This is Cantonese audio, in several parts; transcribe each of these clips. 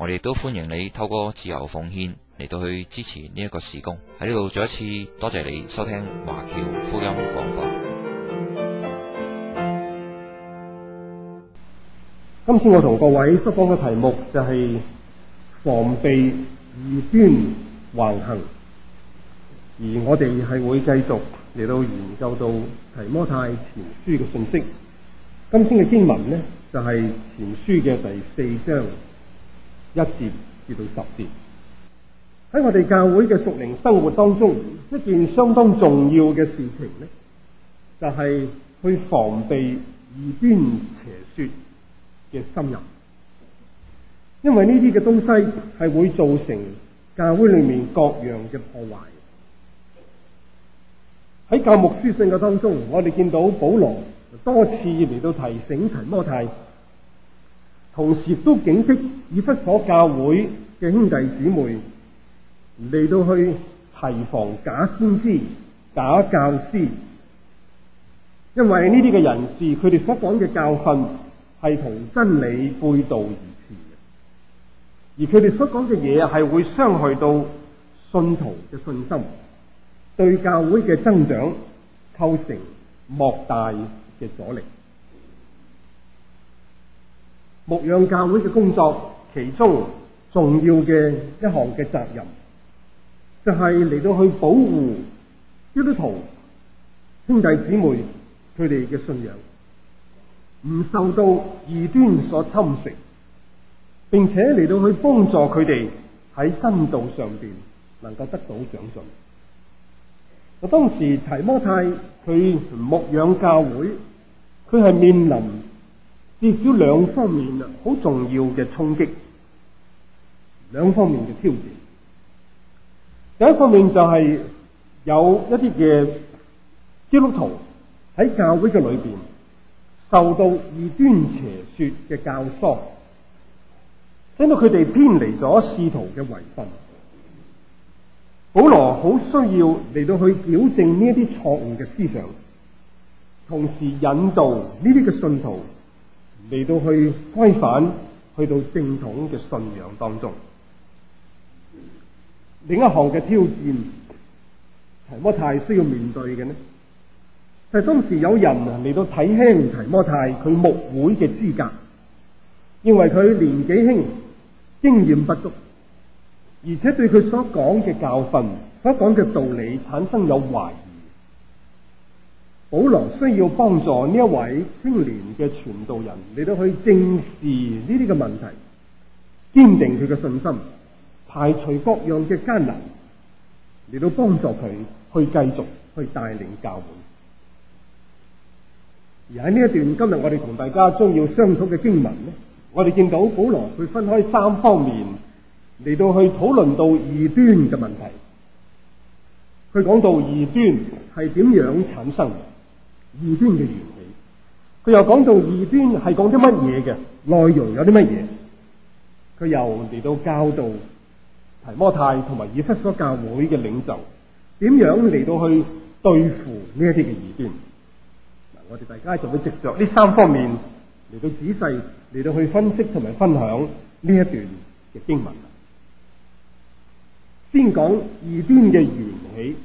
我哋都歡迎你透過自由奉獻嚟到去支持呢一個事工。喺呢度再一次多謝你收聽華僑福音廣播。今次我同各位釋放嘅題目就係防備異端橫行，而我哋係會繼續嚟到研究到提摩太前書嘅信息。今天嘅經文呢，就係前書嘅第四章，一節至到十節。喺我哋教會嘅屬靈生活當中，一件相當重要嘅事情咧，就係、是、去防備異端邪說嘅侵入，因為呢啲嘅東西係會造成教會裏面各樣嘅破壞。喺教牧書信嘅當中，我哋見到保羅多次嚟到提醒提摩太。同時都警惕以弗所教會嘅兄弟姊妹嚟到去提防假先知、假教師，因為呢啲嘅人士，佢哋所講嘅教訓係同真理背道而馳嘅，而佢哋所講嘅嘢係會傷害到信徒嘅信心，對教會嘅增長構成莫大嘅阻力。牧養教會嘅工作，其中重要嘅一項嘅責任，就係、是、嚟到去保護基督徒兄弟姊妹佢哋嘅信仰，唔受到異端所侵蝕，並且嚟到去幫助佢哋喺真道上邊能夠得到長進。我當時提摩太佢牧養教會，佢係面臨。至少兩方面啦，好重要嘅衝擊，兩方面嘅挑戰。第一方面就係、是、有一啲嘅基督徒喺教會嘅裏邊受到異端邪說嘅教唆，聽到佢哋偏離咗使徒嘅遺訓，保羅好需要嚟到去矯正呢一啲錯誤嘅思想，同時引導呢啲嘅信徒。嚟到去規範，去到正統嘅信仰當中，另一項嘅挑戰，提摩太需要面對嘅呢？就係當時有人嚟到睇輕提摩太佢牧會嘅資格，認為佢年紀輕，經驗不足，而且對佢所講嘅教訓、所講嘅道理產生有懷疑。保羅需要幫助呢一位青年嘅傳道人，嚟到去正視呢啲嘅問題，堅定佢嘅信心，排除各樣嘅艱難，嚟到幫助佢去繼續去帶領教會。而喺呢一段今日我哋同大家將要商討嘅經文咧，我哋見到保羅佢分開三方面嚟到去討論到異端嘅問題。佢講到異端係點樣產生？異端嘅原理，佢又講到異端係講啲乜嘢嘅內容，有啲乜嘢，佢又嚟到教導提摩太同埋以弗所教會嘅領袖點樣嚟到去對付呢一啲嘅異端。嗱，我哋大家就會藉著呢三方面嚟到仔細嚟到去分析同埋分享呢一段嘅經文。先講異端嘅緣起，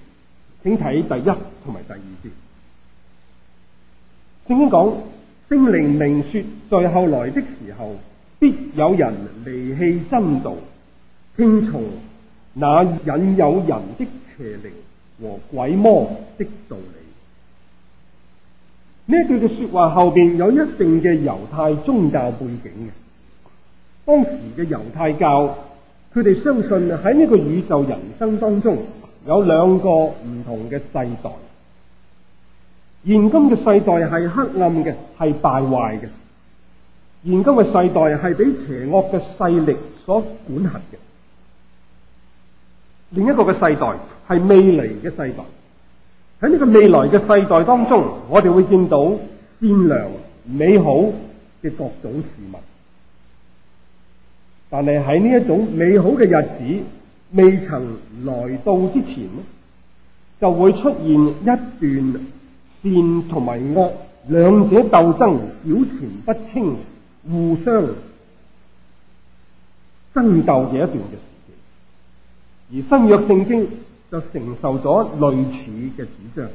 請睇第一同埋第二段。聖經講，聖靈明說，在後來的時候，必有人離棄真道，聽從那引誘人的邪靈和鬼魔的道理。呢句嘅說話後邊有一定嘅猶太宗教背景嘅，當時嘅猶太教，佢哋相信喺呢個宇宙人生當中有兩個唔同嘅世代。現今嘅世代係黑暗嘅，係敗壞嘅。現今嘅世代係俾邪惡嘅勢力所管轄嘅。另一個嘅世代係未來嘅世代。喺呢個未來嘅世代當中，我哋會見到善良美好嘅各種事物。但係喺呢一種美好嘅日子未曾來到之前，呢就會出現一段。善同埋惡兩者鬥爭，表傳不清，互相爭鬥嘅一段嘅時期。而新約聖經就承受咗類似嘅主張。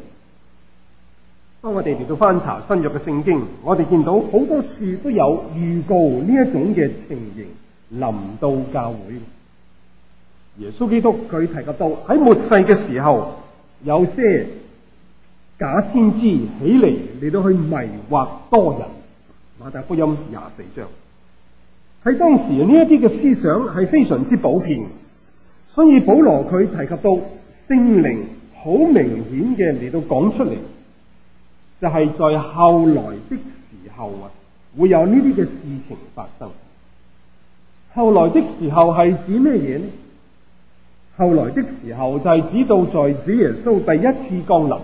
當我哋嚟到翻查新約嘅聖經，我哋見到好多處都有預告呢一種嘅情形臨到教會。耶穌基督佢提及到喺末世嘅時候，有些。假先知起嚟，嚟到去迷惑多人，馬太福音廿四章。喺當時呢一啲嘅思想係非常之普遍，所以保羅佢提及到聖靈好明顯嘅嚟到講出嚟，就係、是、在後來的時候啊，會有呢啲嘅事情發生。後來的時候係指咩嘢呢？後來的時候就係指到在主耶穌第一次降臨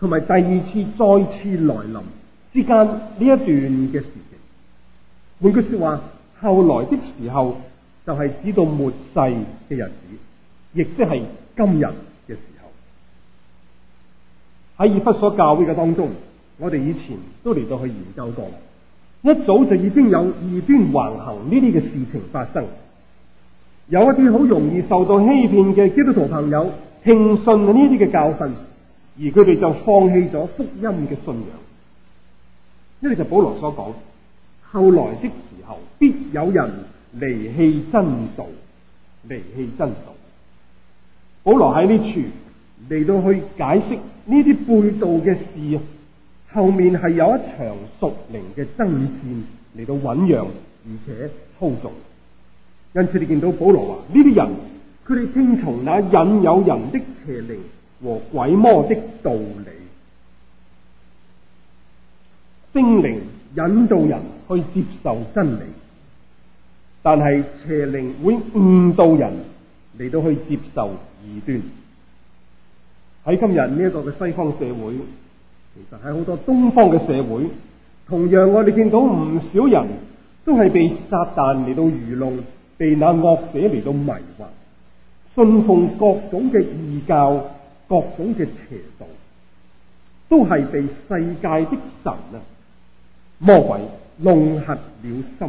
同埋第二次再次來臨之間呢一段嘅時期，換句說話，後來的時候就係指到末世嘅日子，亦即係今日嘅時候。喺以弗所教會嘅當中，我哋以前都嚟到去研究過，一早就已經有異端橫行呢啲嘅事情發生，有一啲好容易受到欺騙嘅基督徒朋友聽信呢啲嘅教訓。而佢哋就放棄咗福音嘅信仰，呢個就係保羅所講。後來的時候，必有人離棄真道，離棄真道。保羅喺呢處嚟到去解釋呢啲背道嘅事，後面係有一場屬靈嘅爭戰嚟到醞釀，而且操縱。因此，你見到保羅話：呢啲人佢哋聽從那引誘人的邪靈和鬼魔的道理，精靈引導人去接受真理，但係邪靈會誤導人嚟到去接受異端。喺今日呢一個嘅西方社會，其實喺好多東方嘅社會，同樣我哋見到唔少人都係被撒旦嚟到愚弄，被那惡者嚟到迷惑，信奉各種嘅異教。各種嘅邪道都係被世界的神啊，魔鬼弄合了心。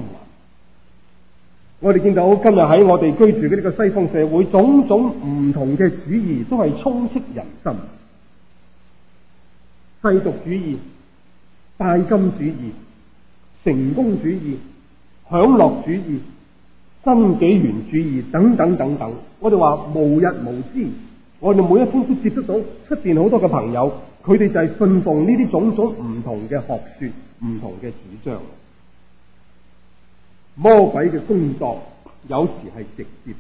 我哋見到今日喺我哋居住嘅呢個西方社會，種種唔同嘅主義都係充斥人心，世俗主義、拜金主義、成功主義、享樂主義、新紀元主義等等等等。我哋話無日無之。我哋每一天都接觸到出邊好多嘅朋友，佢哋就係信奉呢啲種種唔同嘅學說、唔同嘅主張。魔鬼嘅工作有時係直接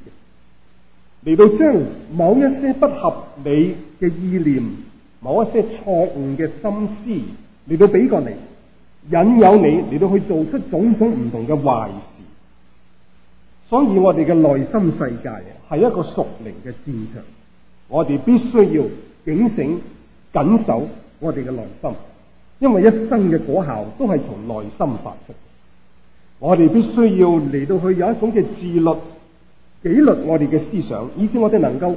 嘅，嚟到將某一些不合理嘅意念、某一些錯誤嘅心思嚟到俾過嚟，引誘你嚟到去做出種種唔同嘅壞事。所以我哋嘅內心世界，係一個屬靈嘅戰場。我哋必須要警醒、緊守我哋嘅內心，因為一生嘅果效都係從內心發出。我哋必須要嚟到去有一種嘅自律紀律，我哋嘅思想，以至我哋能夠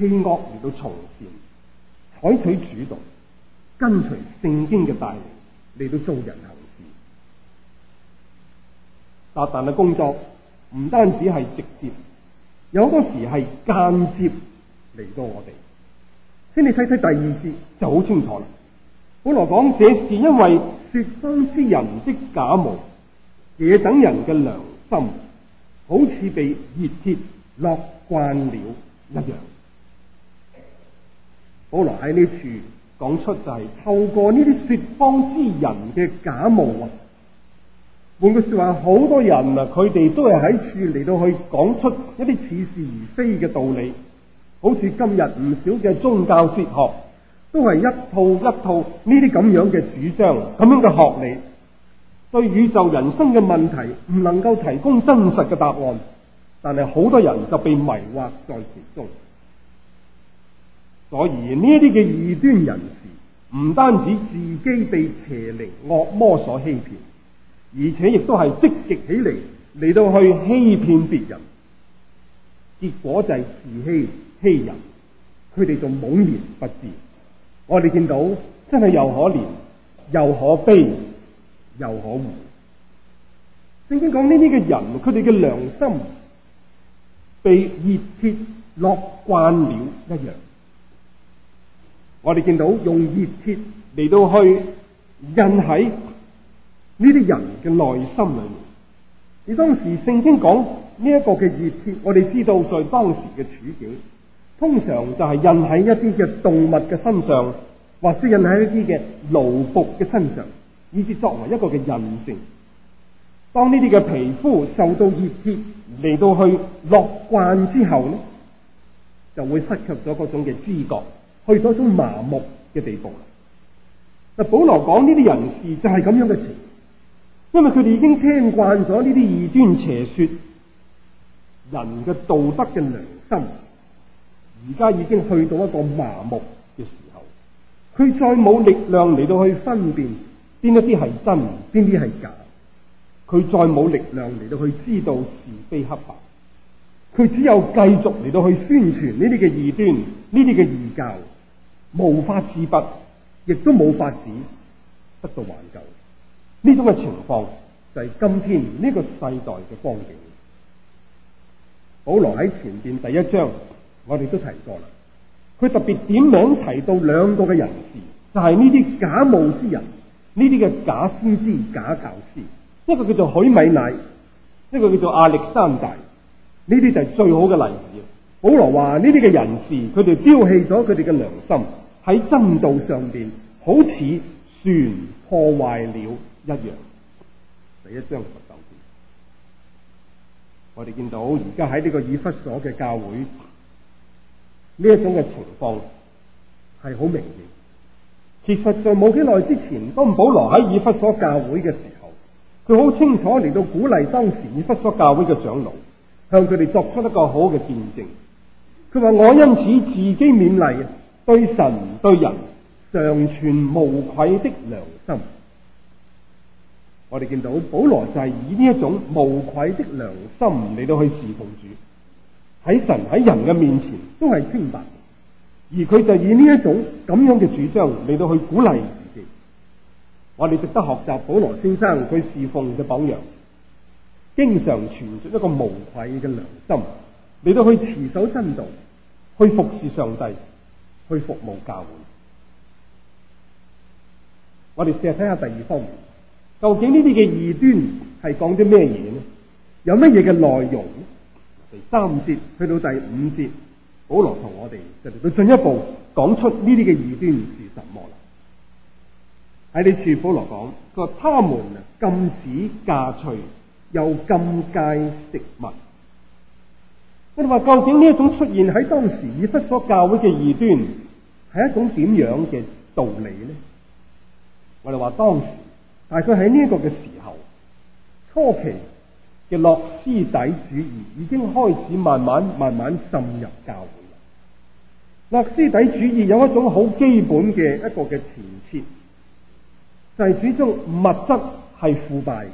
棄惡嚟到從善，採取主動，跟隨聖經嘅帶領嚟到做人行事。撒但嘅工作唔單止係直接，有好多時係間接。嚟到我哋，請你睇睇第二節就好清楚啦。保羅講，這是因為說謊之人的假冒，這等人嘅良心好似被熱鐵烙慣了一樣。保羅喺呢處講出就係、是、透過呢啲說謊之人嘅假冒。啊，換句說話，好多人啊，佢哋都係喺處嚟到去講出一啲似是而非嘅道理。好似今日唔少嘅宗教哲學都係一套一套呢啲咁樣嘅主張，咁樣嘅學理，對宇宙人生嘅問題唔能夠提供真實嘅答案，但係好多人就被迷惑在其中。所以呢啲嘅異端人士，唔單止自己被邪靈惡魔所欺騙，而且亦都係積極起嚟嚟到去欺騙別人，結果就係自欺欺人，佢哋仲懵然不知。我哋見到真係又可憐又可悲又可惡。聖經講呢啲嘅人，佢哋嘅良心被熱鐵烙慣了一樣。我哋見到用熱鐵嚟到去印喺呢啲人嘅內心裏面。而當時聖經講呢一個嘅熱鐵，我哋知道在當時嘅處境。通常就係印喺一啲嘅動物嘅身上，或者印喺一啲嘅奴僕嘅身上，以至作為一個嘅印證。當呢啲嘅皮膚受到熱熱嚟到去落慣之後咧，就會失去咗嗰種嘅知覺，去到一種麻木嘅地步。嗱，保羅講呢啲人士就係咁樣嘅事，因為佢哋已經聽慣咗呢啲異端邪說，人嘅道德嘅良心。而家已經去到一個麻木嘅時候，佢再冇力量嚟到去分辨邊一啲係真，邊啲係假，佢再冇力量嚟到去知道是非黑白，佢只有繼續嚟到去宣傳呢啲嘅異端，呢啲嘅異教，無法自拔，亦都冇法子得到挽救。呢種嘅情況就係今天呢個世代嘅光景。保羅喺前面第一章。我哋都提過啦，佢特別點名提到兩個嘅人士，就係呢啲假冒之人，呢啲嘅假先知、假教師，一個叫做許米乃，一個叫做亞歷山大，呢啲就係最好嘅例子。保羅話呢啲嘅人士，佢哋丟棄咗佢哋嘅良心，喺真道上邊好似船破壞了一樣。第一章十九節，我哋見到而家喺呢個以弗所嘅教會。呢一種嘅情況係好明顯。其實，在冇幾耐之前，當保羅喺以弗所教會嘅時候，佢好清楚嚟到鼓勵當時以弗所教會嘅長老，向佢哋作出一個好嘅見證。佢話：我因此自己勉勵，對神對人尚存無愧的良心。我哋見到保羅就係以呢一種無愧的良心嚟到去侍奉主。喺神喺人嘅面前都係清白，而佢就以呢一種咁樣嘅主張嚟到去鼓勵自己。我哋值得學習保羅先生佢侍奉嘅榜樣，經常存著一個無愧嘅良心，嚟到去持守真道，去服侍上帝，去服務教會。我哋試下睇下第二方面，究竟呢啲嘅異端係講啲咩嘢咧？有乜嘢嘅內容？第三節去到第五節，保羅同我哋就嚟到進一步講出呢啲嘅異端係什麼啦。喺呢處保羅講，佢話他們禁止嫁娶，又禁戒食物。我哋話究竟呢一種出現喺當時以弗所教會嘅異端，係一種點樣嘅道理呢？我哋話當時大概喺呢一個嘅時候初期。嘅洛斯底主義已經開始慢慢慢慢滲入教會。洛斯底主義有一種好基本嘅一個嘅前設，就係始終物質係腐敗嘅，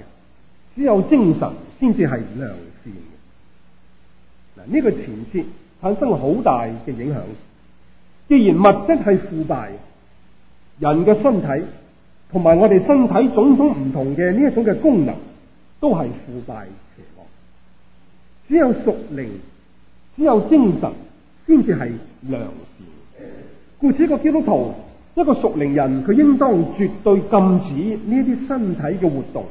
只有精神先至係良善嘅。嗱，呢個前設產生好大嘅影響。既然物質係腐敗，人嘅身體同埋我哋身體種種唔同嘅呢一種嘅功能，都係腐敗邪惡，只有屬靈，只有精神，先至係良善。故此，一個基督徒，一個屬靈人，佢應當絕對禁止呢啲身體嘅活動。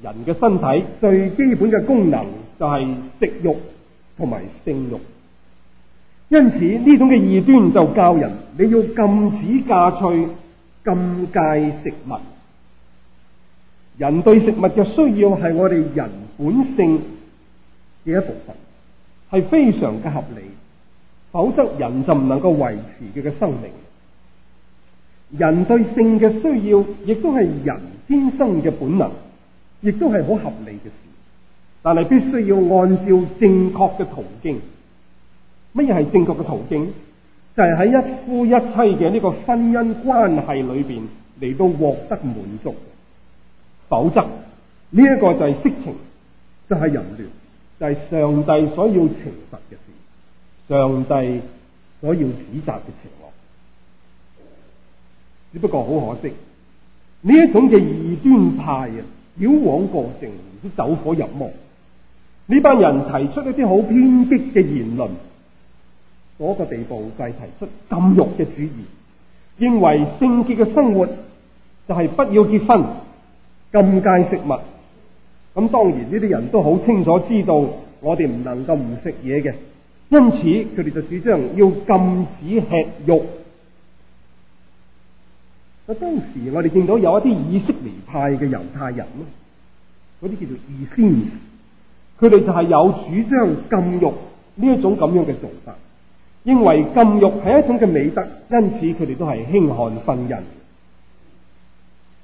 人嘅身體最基本嘅功能就係食慾同埋性慾，因此呢種嘅異端就教人，你要禁止嫁娶、禁戒食物。人對食物嘅需要係我哋人本性嘅一部分，係非常嘅合理。否則人就唔能夠維持佢嘅生命。人對性嘅需要亦都係人天生嘅本能，亦都係好合理嘅事。但係必須要按照正確嘅途徑。乜嘢係正確嘅途徑？就係喺一夫一妻嘅呢個婚姻關係裏邊嚟到獲得滿足。否則呢一個就係色情，就係淫亂，就係、是、上帝所要懲罰嘅事，上帝所要指責嘅邪惡。只不過好可惜，呢一種嘅異端派啊，矯枉過正，都走火入魔。呢班人提出一啲好偏激嘅言論，嗰、那個地步就係提出禁欲嘅主義，認為聖潔嘅生活就係、是、不要結婚。禁戒食物，咁當然呢啲人都好清楚知道，我哋唔能夠唔食嘢嘅，因此佢哋就主張要禁止吃肉。嗱，當時我哋見到有一啲以色尼派嘅猶太人，嗰啲叫做異仙，佢哋就係有主張禁肉呢一種咁樣嘅做法，認為禁肉係一種嘅美德，因此佢哋都係輕看婚姻。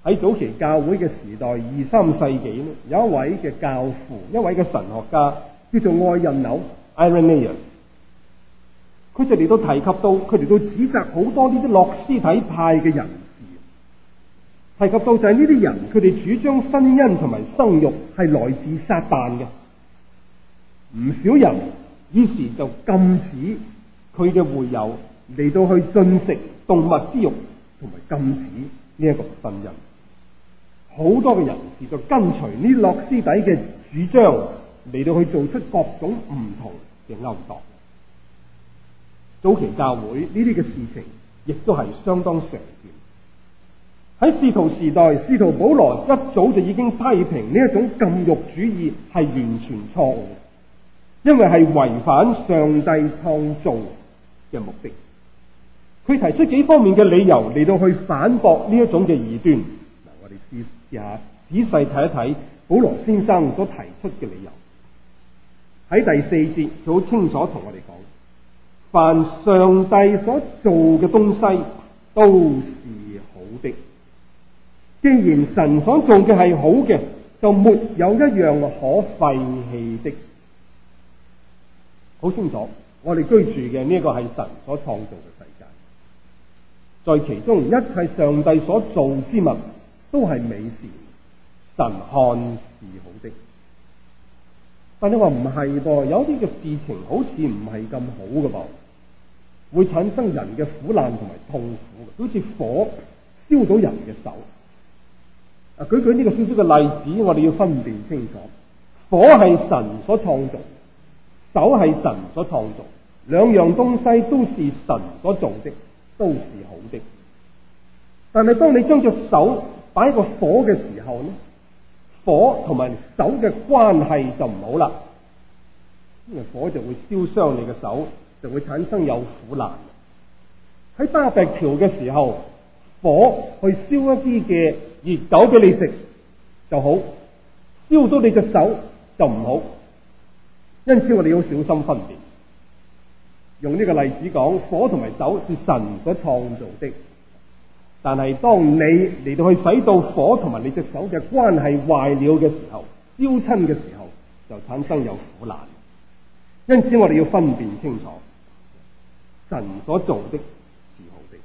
喺早期教會嘅時代，二三世紀咧，有一位嘅教父，一位嘅神學家叫做愛任紐 Irenaeus，佢就嚟到提及到佢哋，到指責好多呢啲洛斯底派嘅人士，提及到就係呢啲人，佢哋主張婚姻同埋生育係來自撒旦嘅。唔少人於是就禁止佢嘅會友嚟到去進食動物之肉，同埋禁止呢一個婚姻。好多嘅人亦就跟隨呢諾斯底嘅主張嚟到去做出各種唔同嘅勾當。早期教會呢啲嘅事情亦都係相當常見。喺使徒時代，使徒保羅一早就已經批評呢一種禁慾主義係完全錯誤，因為係違反上帝創造嘅目的。佢提出幾方面嘅理由嚟到去反駁呢一種嘅異端。試、yeah, 仔細睇一睇保羅先生所提出嘅理由。喺第四節，佢好清楚同我哋講：凡上帝所做嘅東西都是好的。既然神所做嘅係好嘅，就沒有一樣可廢棄的。好清楚，我哋居住嘅呢、這個係神所創造嘅世界，在其中一切上帝所做之物。都係美事，神看是好的。但你話唔係噃，有啲嘅事情好似唔係咁好噶噃，會產生人嘅苦難同埋痛苦，好似火燒到人嘅手。啊，舉舉呢個少少嘅例子，我哋要分辨清楚。火係神所創造，手係神所創造，兩樣東西都是神所做的，都是好的。但係當你將隻手，擺個火嘅時候咧，火同埋手嘅關係就唔好啦，因為火就會燒傷你嘅手，就會產生有苦難。喺巴石橋嘅時候，火去燒一啲嘅熱酒俾你食就好，燒到你隻手就唔好。因此我哋要小心分辨。用呢個例子講，火同埋酒是神所創造的。但係當你嚟到去使到火同埋你隻手嘅關係壞了嘅時候，燒親嘅時候就產生有苦難。因此我哋要分辨清楚，神所做的是好的。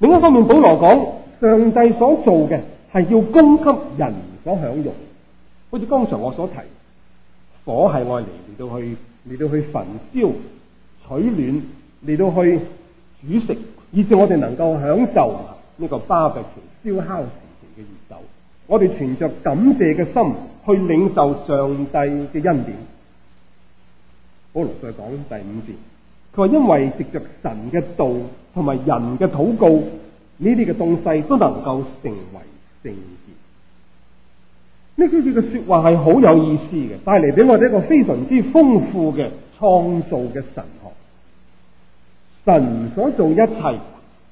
另一方面保羅，保羅講上帝所做嘅係要供給人所享用，好似剛才我所提，火係愛嚟嚟到去嚟到去焚燒、取暖嚟到去煮食。以至我哋能夠享受呢個巴比 Q 燒烤時期嘅熱酒，我哋存着感謝嘅心去領受上帝嘅恩典。好，再講第五節，佢話因為藉着神嘅道同埋人嘅禱告呢啲嘅東西都能夠成為聖潔。呢句句嘅說話係好有意思嘅，帶嚟俾我哋一個非常之豐富嘅創造嘅神。神所做一切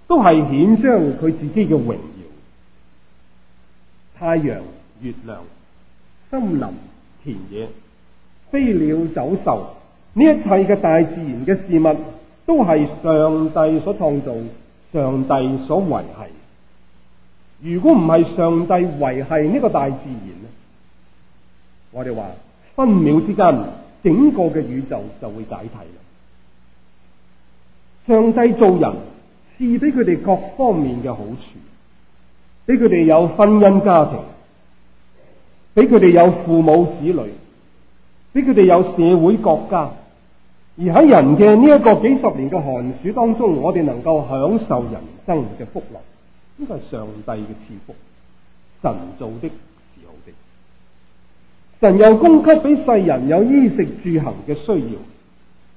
都係顯彰佢自己嘅榮耀。太陽、月亮、森林、田野、飛鳥、走獸，呢一切嘅大自然嘅事物，都係上帝所創造、上帝所維繫。如果唔係上帝維繫呢個大自然咧，我哋話分秒之間，整個嘅宇宙就會解體啦。上帝造人賜俾佢哋各方面嘅好處，俾佢哋有婚姻家庭，俾佢哋有父母子女，俾佢哋有社會國家。而喺人嘅呢一個幾十年嘅寒暑當中，我哋能夠享受人生嘅福樂，呢個係上帝嘅賜福，神造的，是好的。神又供給俾世人有衣食住行嘅需要。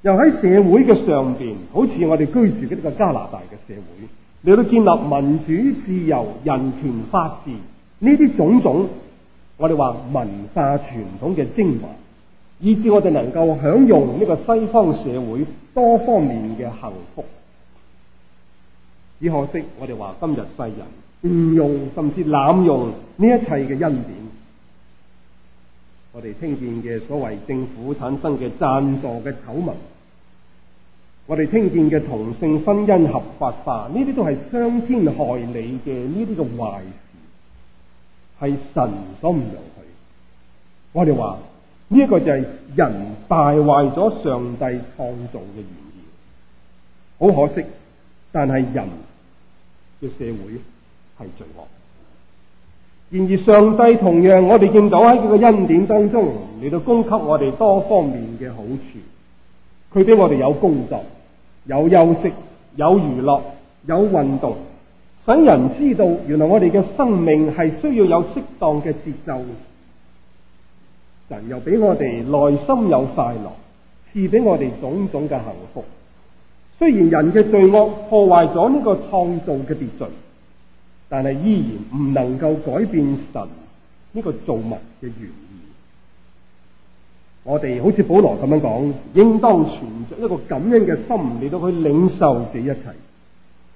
又喺社會嘅上邊，好似我哋居住嘅呢個加拿大嘅社會，嚟到建立民主、自由、人權、法治呢啲種種，我哋話文化傳統嘅精華，以至我哋能夠享用呢個西方社會多方面嘅幸福。只可惜我哋話今日世人誤用、用甚至濫用呢一切嘅恩典，我哋聽見嘅所謂政府產生嘅贊助嘅醜聞。我哋聽見嘅，同性婚姻合法化，呢啲都係傷天害理嘅，呢啲嘅壞事係神所唔容許。我哋話呢一個就係人敗壞咗上帝創造嘅原意，好可惜。但係人嘅社會係罪惡。然而上帝同樣，我哋見到喺佢個恩典當中嚟到供給我哋多方面嘅好處，佢俾我哋有工作。有休息，有娛樂，有運動，使人知道原來我哋嘅生命係需要有適當嘅節奏。神又俾我哋內心有快樂，賜俾我哋種種嘅幸福。雖然人嘅罪惡破壞咗呢個創造嘅秩序，但係依然唔能夠改變神呢個造物嘅原理。我哋好似保羅咁樣講，應當存着一個感恩嘅心嚟到去領受呢一切，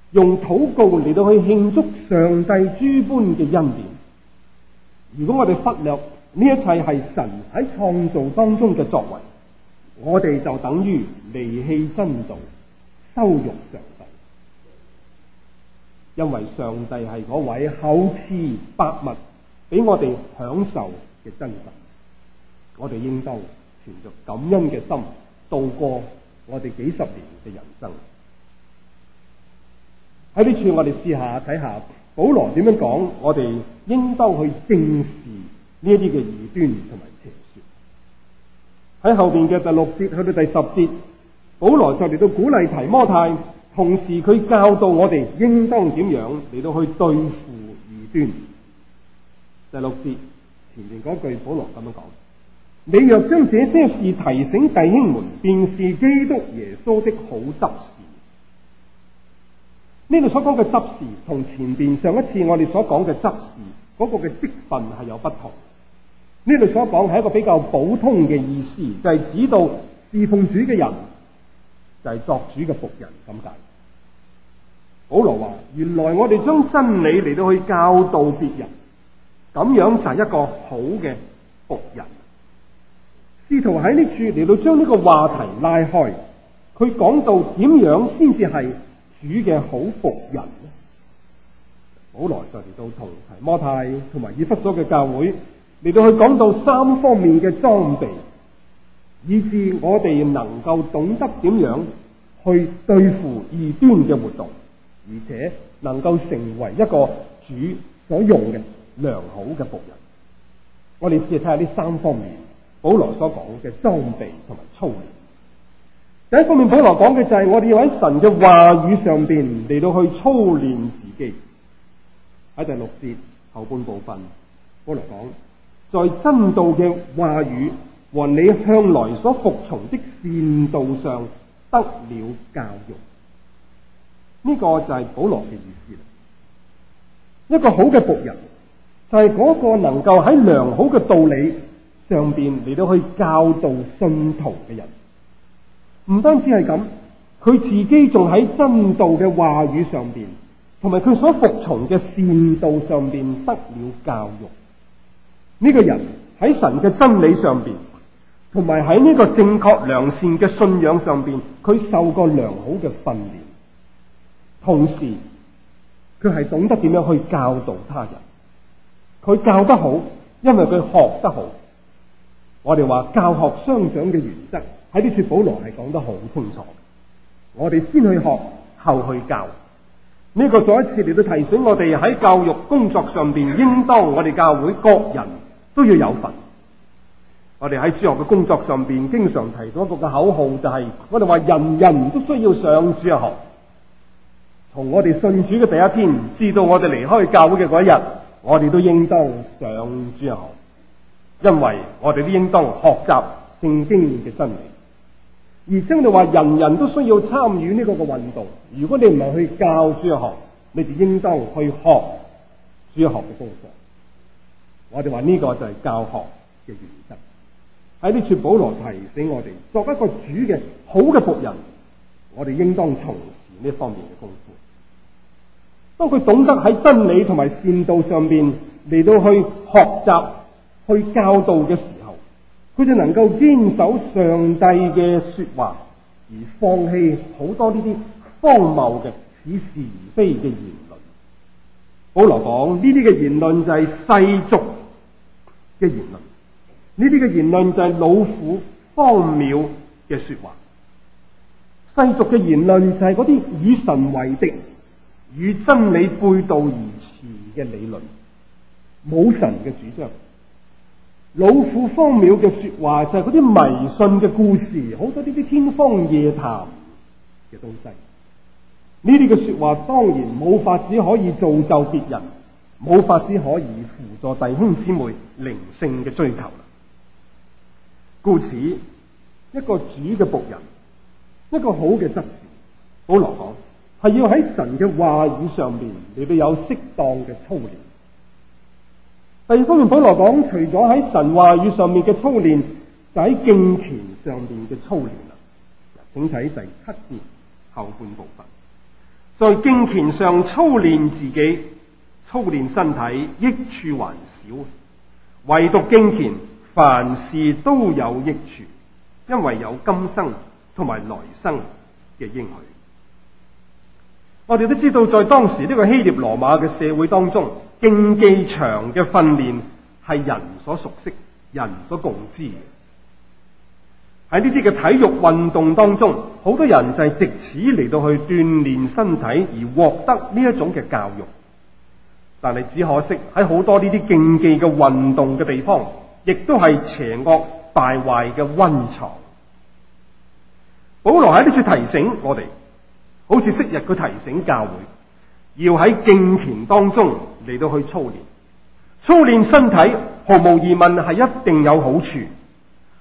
用禱告嚟到去慶祝上帝諸般嘅恩典。如果我哋忽略呢一切係神喺創造當中嘅作為，我哋就等於離棄真道，羞辱上帝。因為上帝係嗰位厚賜百物俾我哋享受嘅真實，我哋應當。存着感恩嘅心，度過我哋幾十年嘅人生。喺呢處，我哋試下睇下保羅點樣講，我哋應當去正視呢一啲嘅異端同埋邪說。喺後邊嘅第六節去到第十節，保羅就嚟到鼓勵提摩太，同時佢教導我哋應當點樣嚟到去對付異端。第六節前面嗰句，保羅咁樣講。你若將這些事提醒弟兄們，便是基督耶穌的好執事。呢度所講嘅執事，同前邊上一次我哋所講嘅執事嗰、那個嘅職份係有不同。呢度所講係一個比較普通嘅意思，就係、是、指導侍奉主嘅人，就係、是、作主嘅僕人咁解。保羅話：原來我哋將真理嚟到去教導別人，咁樣就係一個好嘅僕人。試圖喺呢處嚟到將呢個話題拉開，佢講到點樣先至係主嘅好僕人呢？保羅就嚟到同提摩太同埋以弗所嘅教會嚟到去講到三方面嘅裝備，以致我哋能夠懂得點樣去對付異端嘅活動，而且能夠成為一個主所用嘅良好嘅僕人。我哋試，試下睇下呢三方面。保羅所講嘅裝備同埋操練，第一方面保羅講嘅就係我哋要喺神嘅話語上邊嚟到去操練自己。喺第六節後半部分，保羅講，在真道嘅話語和你向來所服從的善道上得了教育，呢、這個就係保羅嘅意思。一個好嘅僕人就係、是、嗰個能夠喺良好嘅道理。上邊嚟到去教導信徒嘅人，唔單止係咁，佢自己仲喺真道嘅話語上邊，同埋佢所服從嘅善道上邊得了教育。呢個人喺神嘅真理上邊，同埋喺呢個正確良善嘅信仰上邊，佢受過良好嘅訓練，同時佢係懂得點樣去教導他人。佢教得好，因為佢學得好。我哋話教學相長嘅原則，喺呢處保羅係講得好清楚，我哋先去學，後去教。呢、呢個再一次嚟到提醒我哋喺教育工作上邊，應當我哋教會各人都要有份。我哋喺主學嘅工作上邊，經常提到一個嘅口號，就係我哋話人人都需要上主學，從我哋信主嘅第一天，至到我哋離開教會嘅嗰一日，我哋都應當上主學。因為我哋都應當學習聖經嘅真理，而真就話人人都需要參與呢個嘅運動。如果你唔係去教書學，你哋應當去學書學嘅功課。我哋話呢個就係教學嘅原則。喺呢處保羅提醒我哋，作為一個主嘅好嘅僕人，我哋應當從事呢方面嘅功夫。當佢懂得喺真理同埋善道上邊嚟到去學習。去教導嘅時候，佢哋能夠堅守上帝嘅說話，而放棄好多呢啲荒謬嘅似是而非嘅言論。保羅講呢啲嘅言論就係世俗嘅言論，呢啲嘅言論就係老虎荒謬嘅說話。世俗嘅言論就係嗰啲以神為敵、與真理背道而馳嘅理論，冇神嘅主張。老虎荒謬嘅說話就係、嗰、啲迷信嘅故事，好多呢啲天方夜譚嘅東西。呢啲嘅說話當然冇法子可以造就別人，冇法子可以輔助弟兄姊妹靈性嘅追求。啦。故此，一個主嘅僕人，一個好嘅執事，保羅講，係要喺神嘅話語上面，你哋有，有適當嘅操練。第二方面，保羅講，除咗喺神話語上面嘅操練，就喺敬虔上面嘅操練啦。請睇第七節後半部分，在敬虔上操練自己，操練身體益處還少，唯獨敬虔凡事都有益處，因為有今生同埋來生嘅應許。我哋都知道，在當時呢個希臘羅馬嘅社會當中。競技場嘅訓練係人所熟悉、人所共知嘅。喺呢啲嘅體育運動當中，好多人就係借此嚟到去鍛煉身體而獲得呢一種嘅教育。但係只可惜喺好多呢啲競技嘅運動嘅地方，亦都係邪惡敗壞嘅溫床。保羅喺呢處提醒我哋，好似昔日佢提醒教會。要喺敬虔當中嚟到去操練，操練身體毫無疑問係一定有好處，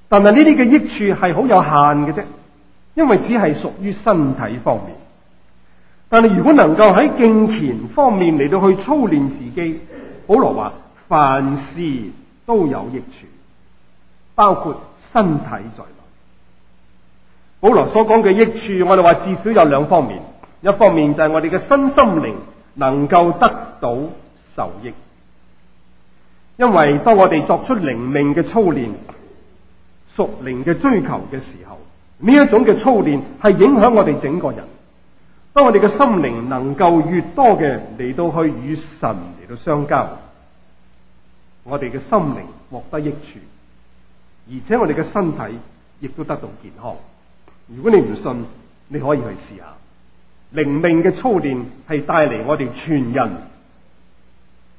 但係呢啲嘅益處係好有限嘅啫，因為只係屬於身體方面。但係如果能夠喺敬虔方面嚟到去操練自己，保羅話凡事都有益處，包括身體在內。保羅所講嘅益處，我哋話至少有兩方面。一方面就係我哋嘅身心靈能夠得到受益，因為當我哋作出靈命嘅操練，屬靈嘅追求嘅時候，呢一種嘅操練係影響我哋整個人。當我哋嘅心靈能夠越多嘅嚟到去與神嚟到相交，我哋嘅心靈獲得益處，而且我哋嘅身體亦都得到健康。如果你唔信，你可以去試下。靈命嘅操練係帶嚟我哋全人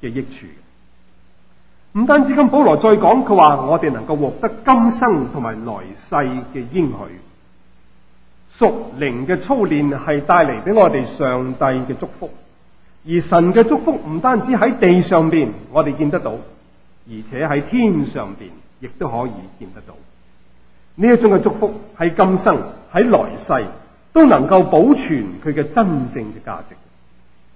嘅益處，唔單止咁。保羅再講，佢話我哋能夠獲得今生同埋來世嘅應許。屬靈嘅操練係帶嚟俾我哋上帝嘅祝福，而神嘅祝福唔單止喺地上面我哋見得到，而且喺天上邊亦都可以見得到。呢一種嘅祝福喺今生喺來世。都能夠保存佢嘅真正嘅價值，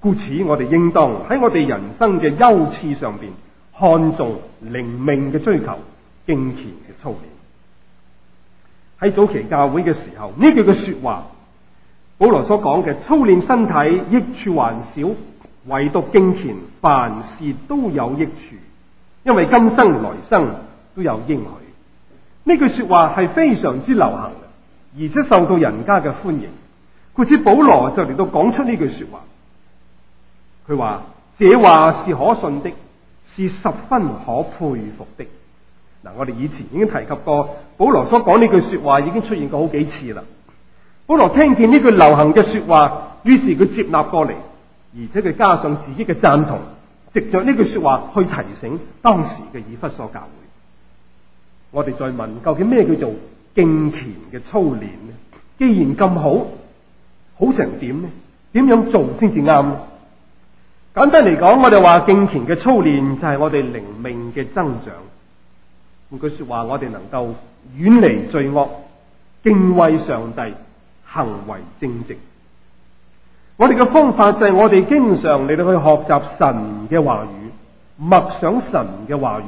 故此我哋應當喺我哋人生嘅優次上邊看重靈命嘅追求、敬虔嘅操練。喺早期教會嘅時候，呢句嘅說話，保羅所講嘅操練身體益處還少，唯獨敬虔凡事都有益處，因為今生來生都有應許。呢句說話係非常之流行。而且受到人家嘅歡迎，故此保羅就嚟到講出呢句說話。佢話：這話是可信的，是十分可佩服的。嗱，我哋以前已經提及過，保羅所講呢句說話已經出現過好幾次啦。保羅聽見呢句流行嘅說話，於是佢接納過嚟，而且佢加上自己嘅讚同，藉着呢句說話去提醒當時嘅以弗所教會。我哋再問，究竟咩叫做？敬虔嘅操練呢？既然咁好，好成點呢？點樣做先至啱呢？簡單嚟講，我哋話敬虔嘅操練就係我哋靈命嘅增長。換句說話，我哋能夠遠離罪惡，敬畏上帝，行為正直。我哋嘅方法就係我哋經常嚟到去學習神嘅話語，默想神嘅話語，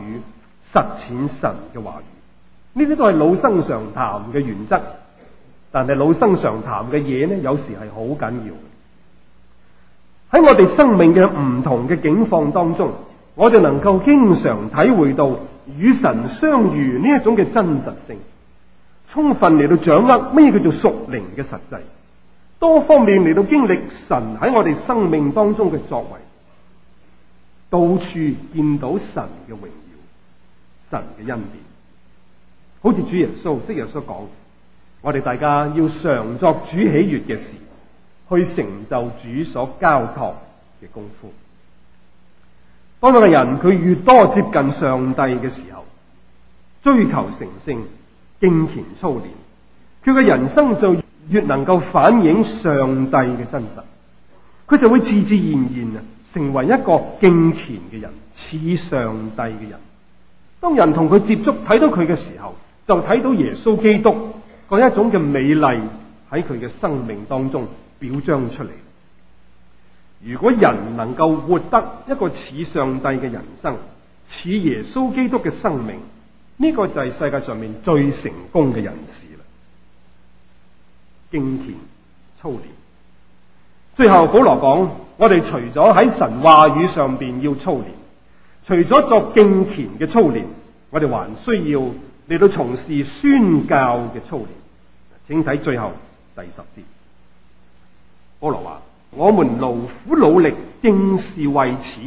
實踐神嘅話語。呢啲都係老生常談嘅原則，但係老生常談嘅嘢呢，有時係好緊要。喺我哋生命嘅唔同嘅境況當中，我就能夠經常體會到與神相遇呢一種嘅真實性，充分嚟到掌握咩叫做屬靈嘅實際，多方面嚟到經歷神喺我哋生命當中嘅作為，到處見到神嘅榮耀，神嘅恩典。好似主耶穌昔日所講，我哋大家要常作主喜悅嘅事，去成就主所交託嘅功夫。當一個人佢越多接近上帝嘅時候，追求成聖、敬虔操練，佢嘅人生就越能夠反映上帝嘅真實。佢就會自自然然啊，成為一個敬虔嘅人，似上帝嘅人。當人同佢接觸、睇到佢嘅時候，就睇到耶穌基督嗰一種嘅美麗喺佢嘅生命當中表彰出嚟。如果人能夠活得一個似上帝嘅人生，似耶穌基督嘅生命，呢個就係世界上面最成功嘅人士啦。敬虔操練，最後保羅講，我哋除咗喺神話語上邊要操練，除咗作敬虔嘅操練，我哋還需要。嚟到從事宣教嘅操練，請睇最後第十節。保羅話：我們勞苦努力，正是為此，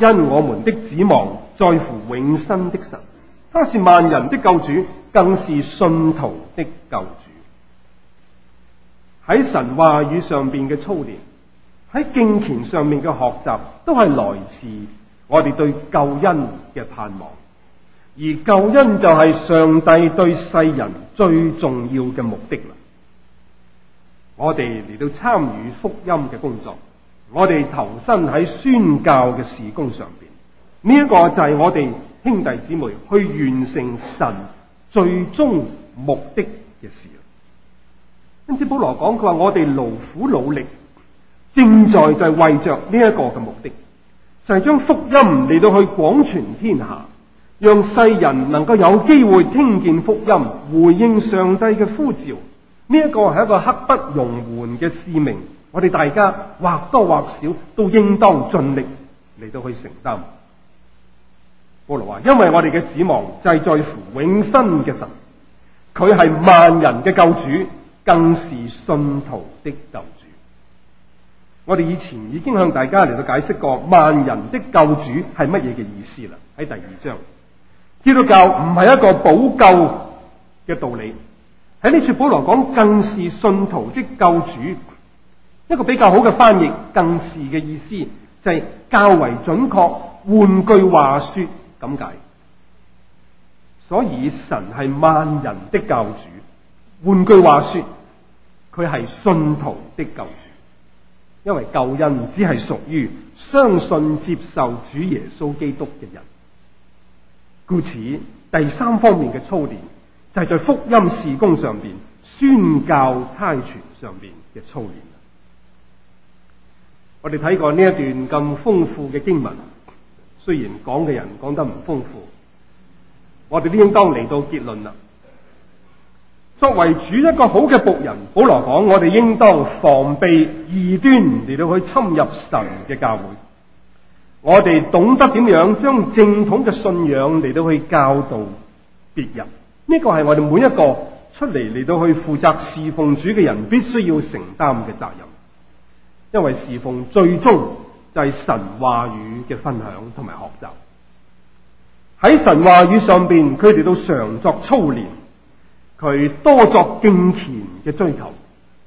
因我們的指望在乎永生的神，他是萬人的救主，更是信徒的救主。喺神話語上面嘅操練，喺敬虔上面嘅學習，都係來自我哋對救恩嘅盼望。而救恩就係上帝對世人最重要嘅目的啦。我哋嚟到參與福音嘅工作，我哋投身喺宣教嘅事工上邊，呢一個就係我哋兄弟姊妹去完成神最終目的嘅事。因此保羅講佢話：我哋勞苦努力，正在就係為着呢一個嘅目的，就係將福音嚟到去廣傳天下。讓世人能夠有機會聽見福音，回應上帝嘅呼召，呢一個係一個刻不容緩嘅使命。我哋大家或多或少都應當盡力嚟到去承擔。保羅話：因為我哋嘅指望就係在乎永生嘅神，佢係萬人嘅救主，更是信徒的救主。我哋以前已經向大家嚟到解釋過，萬人的救主係乜嘢嘅意思啦。喺第二章。基督教唔係一個補救嘅道理，喺呢處保羅講，更是信徒的救主。一個比較好嘅翻譯，更是嘅意思就係較為準確。換句話說，咁解。所以神係萬人的救主。換句話說，佢係信徒的救主，因為救恩只係屬於相信接受主耶穌基督嘅人。故此，第三方面嘅操練就係、是、在福音事工上邊、宣教差傳上邊嘅操練。我哋睇過呢一段咁豐富嘅經文，雖然講嘅人講得唔豐富，我哋都應當嚟到結論啦。作為主一個好嘅僕人，保羅講：我哋應當防備異端嚟到去侵入神嘅教會。我哋懂得點樣將正統嘅信仰嚟到去教導別人，呢個係我哋每一個出嚟嚟到去負責侍奉主嘅人必須要承擔嘅責任。因為侍奉最終就係神話語嘅分享同埋學習。喺神話語上邊，佢哋都常作操練，佢多作敬虔嘅追求，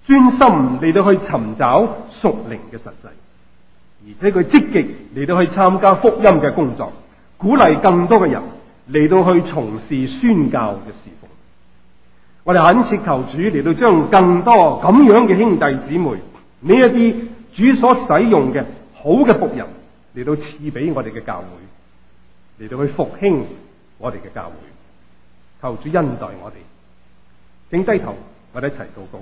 專心嚟到去尋找屬靈嘅實際。而且佢積極嚟到去參加福音嘅工作，鼓勵更多嘅人嚟到去從事宣教嘅事奉。我哋懇切求主嚟到將更多咁樣嘅兄弟姊妹，呢一啲主所使用嘅好嘅僕人嚟到賜俾我哋嘅教會，嚟到去復興我哋嘅教會。求主恩待我哋，請低頭，我哋一齊禱告。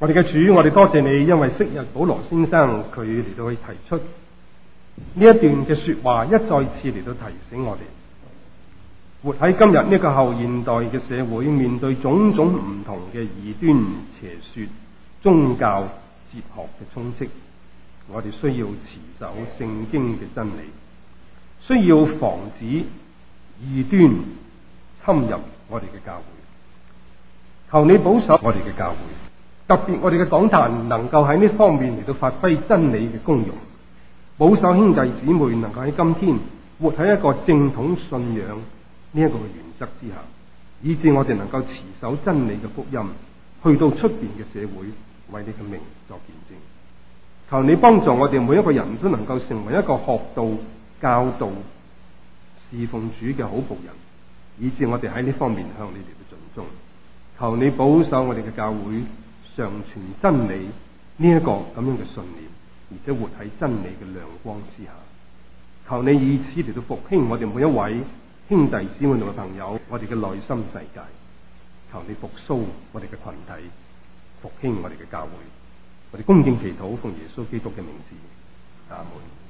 我哋嘅主，我哋多謝你，因為昔日保羅先生佢嚟到去提出呢一段嘅說話，一再次嚟到提醒我哋，活喺今日呢個後現代嘅社會，面對種種唔同嘅異端邪說、宗教哲學嘅衝擊，我哋需要持守聖經嘅真理，需要防止異端侵入我哋嘅教會，求你保守我哋嘅教會。特別我哋嘅講壇能夠喺呢方面嚟到發揮真理嘅功用，保守兄弟姊妹能夠喺今天活喺一個正統信仰呢一個原則之下，以致我哋能夠持守真理嘅福音，去到出邊嘅社會為你嘅名作見證。求你幫助我哋每一個人都能夠成為一個學道、教導、侍奉主嘅好僕人，以致我哋喺呢方面向你哋嘅盡忠。求你保守我哋嘅教會。上傳真理呢一個咁樣嘅信念，而且活喺真理嘅亮光之下。求你以此嚟到復興我哋每一位兄弟姊妹同埋朋友，我哋嘅內心世界。求你復甦我哋嘅群體，復興我哋嘅教會。我哋恭敬祈禱，奉耶穌基督嘅名字，阿門。